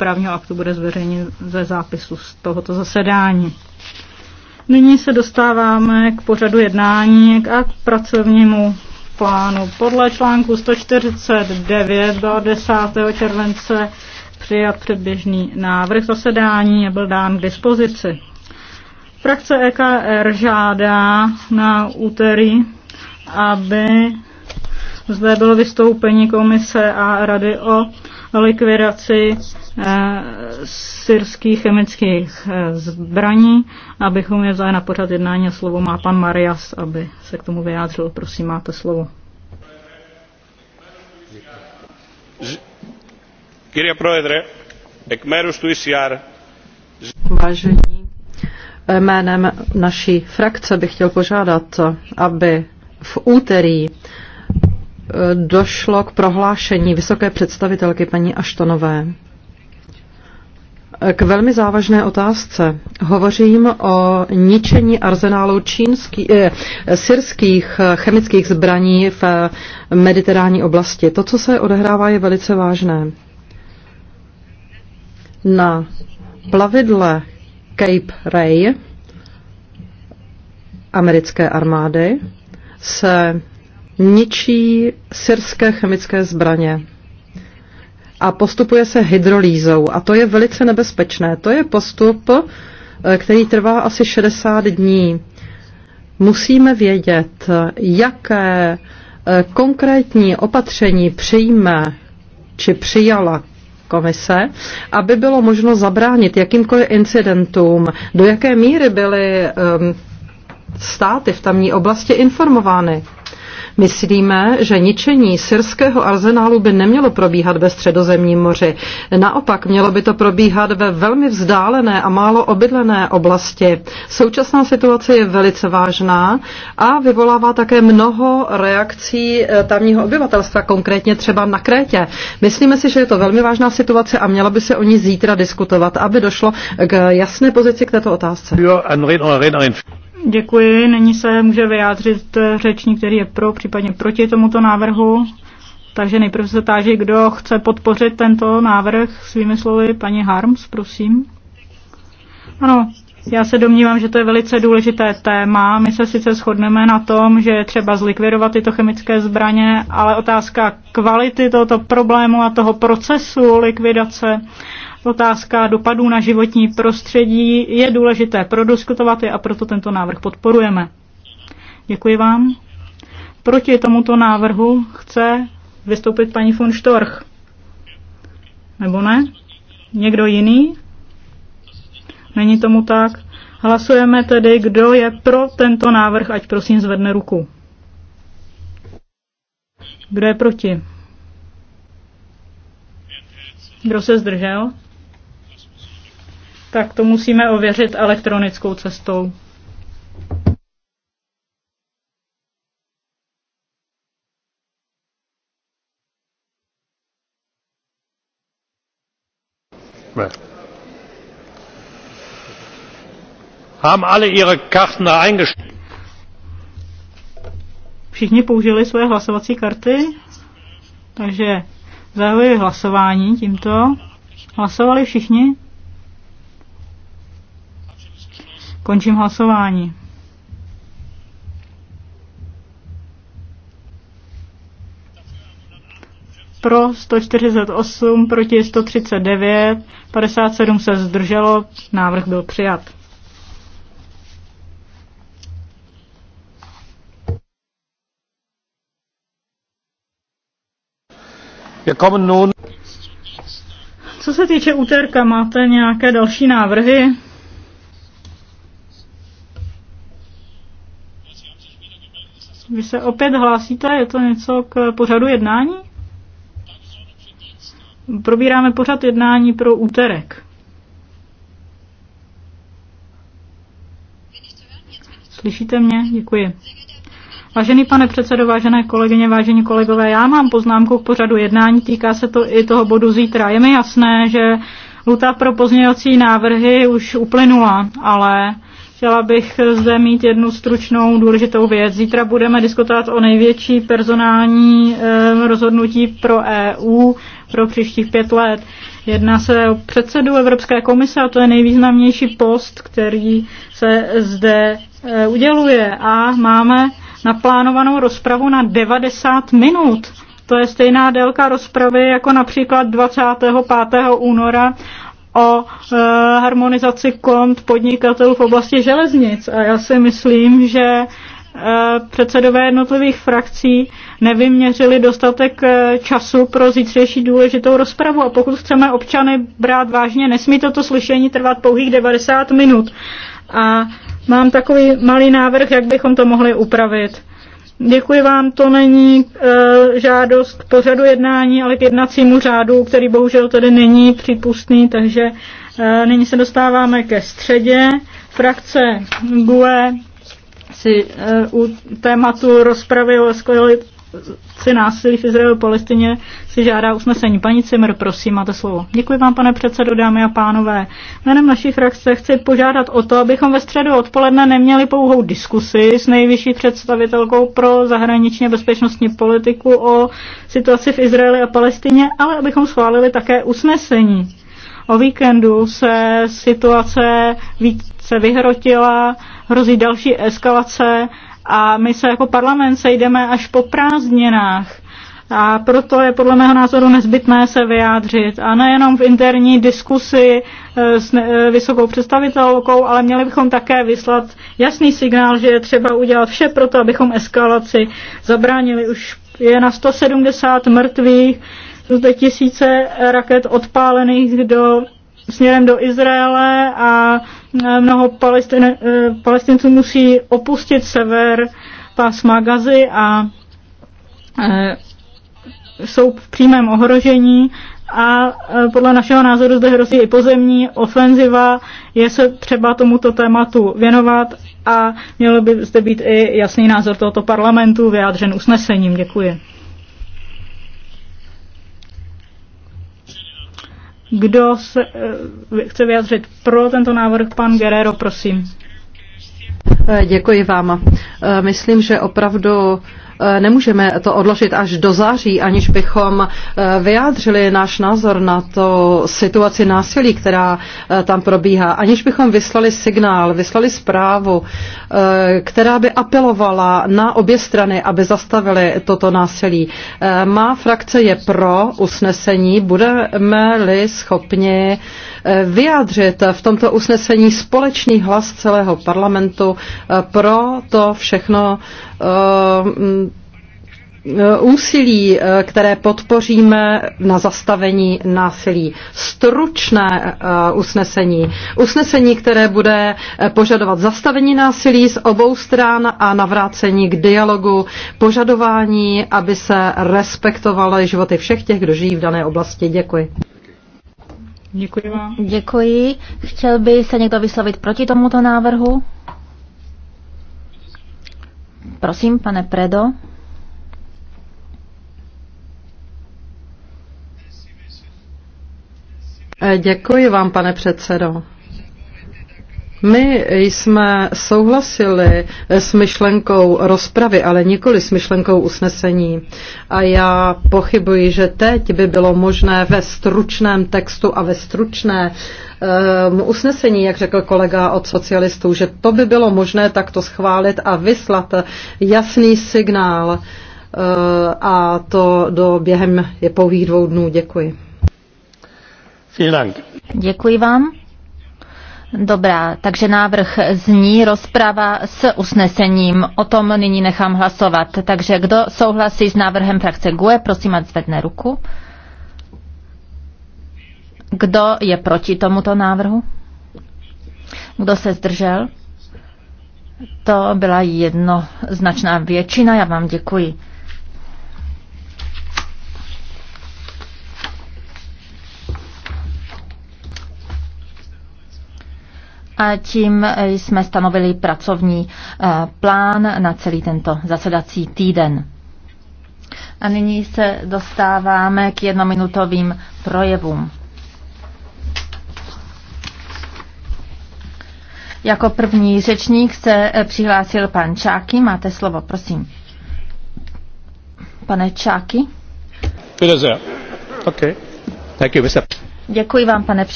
právního aktu bude zveřejněn ze zápisu z tohoto zasedání. Nyní se dostáváme k pořadu jednání a k pracovnímu plánu. Podle článku 149 byl 10. července přijat předběžný návrh zasedání a byl dán k dispozici. Frakce EKR žádá na úterý, aby zde bylo vystoupení komise a rady o likvidaci Eh, syrských chemických eh, zbraní, abychom je vzali na pořad jednání a slovo má pan Marias, aby se k tomu vyjádřil. Prosím, máte slovo. Vážení, eh, jménem naší frakce bych chtěl požádat, aby v úterý došlo k prohlášení vysoké představitelky paní Aštonové k velmi závažné otázce. Hovořím o ničení arzenálu čínský, eh, syrských eh, chemických zbraní v eh, mediterální oblasti. To, co se odehrává, je velice vážné. Na plavidle Cape Ray americké armády se ničí syrské chemické zbraně a postupuje se hydrolízou. A to je velice nebezpečné. To je postup, eh, který trvá asi 60 dní. Musíme vědět, jaké eh, konkrétní opatření přijme či přijala komise, aby bylo možno zabránit jakýmkoliv incidentům, do jaké míry byly um, státy v tamní oblasti informovány. Myslíme, že ničení syrského arzenálu by nemělo probíhat ve středozemním moři. Naopak mělo by to probíhat ve velmi vzdálené a málo obydlené oblasti. Současná situace je velice vážná a vyvolává také mnoho reakcí eh, tamního obyvatelstva, konkrétně třeba na Krétě. Myslíme si, že je to velmi vážná situace a mělo by se o ní zítra diskutovat, aby došlo k jasné pozici k této otázce. Děkuji. Nyní se může vyjádřit řečník, který je pro, případně proti tomuto návrhu. Takže nejprve se táží, kdo chce podpořit tento návrh svými slovy. Paní Harms, prosím. Ano, já se domnívám, že to je velice důležité téma. My se sice shodneme na tom, že je třeba zlikvidovat tyto chemické zbraně, ale otázka kvality tohoto problému a toho procesu likvidace Otázka dopadů na životní prostředí je důležité prodiskutovat je a proto tento návrh podporujeme. Děkuji vám. Proti tomuto návrhu chce vystoupit paní von Storch. Nebo ne? Někdo jiný? Není tomu tak. Hlasujeme tedy, kdo je pro tento návrh, ať prosím zvedne ruku. Kdo je proti? Kdo se zdržel? tak to musíme ověřit elektronickou cestou. Haben alle ihre Karten eingestellt? Všichni použili své hlasovací karty, takže zahajuji hlasování tímto. Hlasovali všichni? Končím hlasování. Pro 148, proti 139, 57 se zdrželo, návrh byl přijat. Co se týče úterka, máte nějaké další návrhy? Vy se opět hlásíte, je to něco k pořadu jednání? Probíráme pořad jednání pro úterek. Slyšíte mě? Děkuji. Vážený pane předsedo, vážené kolegyně, vážení kolegové, já mám poznámku k pořadu jednání, týká se to i toho bodu zítra. Je mi jasné, že luta pro pozměňovací návrhy už uplynula, ale Chtěla bych zde mít jednu stručnou důležitou věc. Zítra budeme diskutovat o největší personální rozhodnutí pro EU pro příštích pět let. Jedná se o předsedu Evropské komise a to je nejvýznamnější post, který se zde e, uděluje. A máme naplánovanou rozpravu na 90 minut. To je stejná délka rozpravy jako například 25. února o e, harmonizaci kont podnikatelů v oblasti železnic. A já si myslím, že e, předsedové jednotlivých frakcí nevyměřili dostatek e, času pro zítřejší důležitou rozpravu. A pokud chceme občany brát vážně, nesmí toto slyšení trvat pouhých 90 minut. A mám takový malý návrh, jak bychom to mohli upravit. Děkuji vám, to není e, žádost k pořadu jednání, ale k jednacímu řádu, který bohužel tedy není přípustný, takže e, nyní se dostáváme ke středě. Frakce GUE si e, u tématu rozpravy o se násilí v Izraelu Palestině si žádá usnesení. Paní Cimr, prosím, máte slovo. Děkuji vám, pane předsedo, dámy a pánové. Jménem naší frakce chci požádat o to, abychom ve středu odpoledne neměli pouhou diskusi s nejvyšší představitelkou pro zahraničně bezpečnostní politiku o situaci v Izraeli a Palestině, ale abychom schválili také usnesení. O víkendu se situace více vyhrotila, hrozí další eskalace a my se jako parlament sejdeme až po prázdninách. A proto je podle mého názoru nezbytné se vyjádřit. A nejenom v interní diskusi eh, s eh, vysokou představitelkou, ale měli bychom také vyslat jasný signál, že je třeba udělat vše pro to, abychom eskalaci zabránili. Už je na 170 mrtvých, zde tisíce raket odpálených do, směrem do Izraele a Eh, mnoho Palestin, eh, palestinců musí opustit sever pásma Gazy a eh, jsou v přímém ohrožení a podle našeho názoru zde hrozí i pozemní ofenziva, je se třeba tomuto tématu věnovat a mělo by zde být i jasný názor tohoto parlamentu vyjádřen usnesením. Děkuji. Kdo se eh, chce vyjádřit pro tento návrh? Pan Guerrero, prosím. Eh, děkuji vám. Eh, myslím, že opravdu Eh, nemůžeme to odložit až do září, aniž bychom eh, vyjádřili náš názor na to situaci násilí, která eh, tam probíhá, aniž bychom vyslali signál, vyslali zprávu, která by apelovala na obě strany, aby zastavili toto násilí. Má frakce je pro usnesení, budeme-li schopni vyjádřit v tomto usnesení společný hlas celého parlamentu pro to všechno, Eh, mm, úsilí, eh, které podpoříme na zastavení násilí. Stručné eh, usnesení. Usnesení, které bude požadovat zastavení násilí z obou stran a navrácení k dialogu, požadování, aby se respektovaly životy všech těch, kdo žijí v dané oblasti. Děkuji. Děkuji vám. Děkuji. Chtěl by se někdo vyslovit proti tomuto návrhu? Prosím, pane Predo. Eh, děkuji vám, pane předsedo. My jsme souhlasili s myšlenkou rozpravy, ale nikoli s myšlenkou usnesení. A já pochybuji, že teď by bylo možné ve stručném textu a ve stručné um, usnesení, jak řekl kolega od socialistů, že to by bylo možné takto schválit a vyslat jasný signál. Uh, a to do během je pouhých dvou dnů. Děkuji. Děkuji vám. Dobrá, takže návrh zní rozprava s usnesením. O tom nyní nechám hlasovat. Takže kdo souhlasí s návrhem frakce GUE, prosím, ať zvedne ruku. Kdo je proti tomuto návrhu? Kdo se zdržel? To byla jednoznačná většina. Já vám děkuji. A tím jsme stanovili pracovní eh, plán na celý tento zasedací týden. A nyní se dostáváme k jednominutovým projevům. Jako první řečník se eh, přihlásil pan Čáky. Máte slovo, prosím. Pane Čáky. Okay. Thank you, Děkuji vám, pane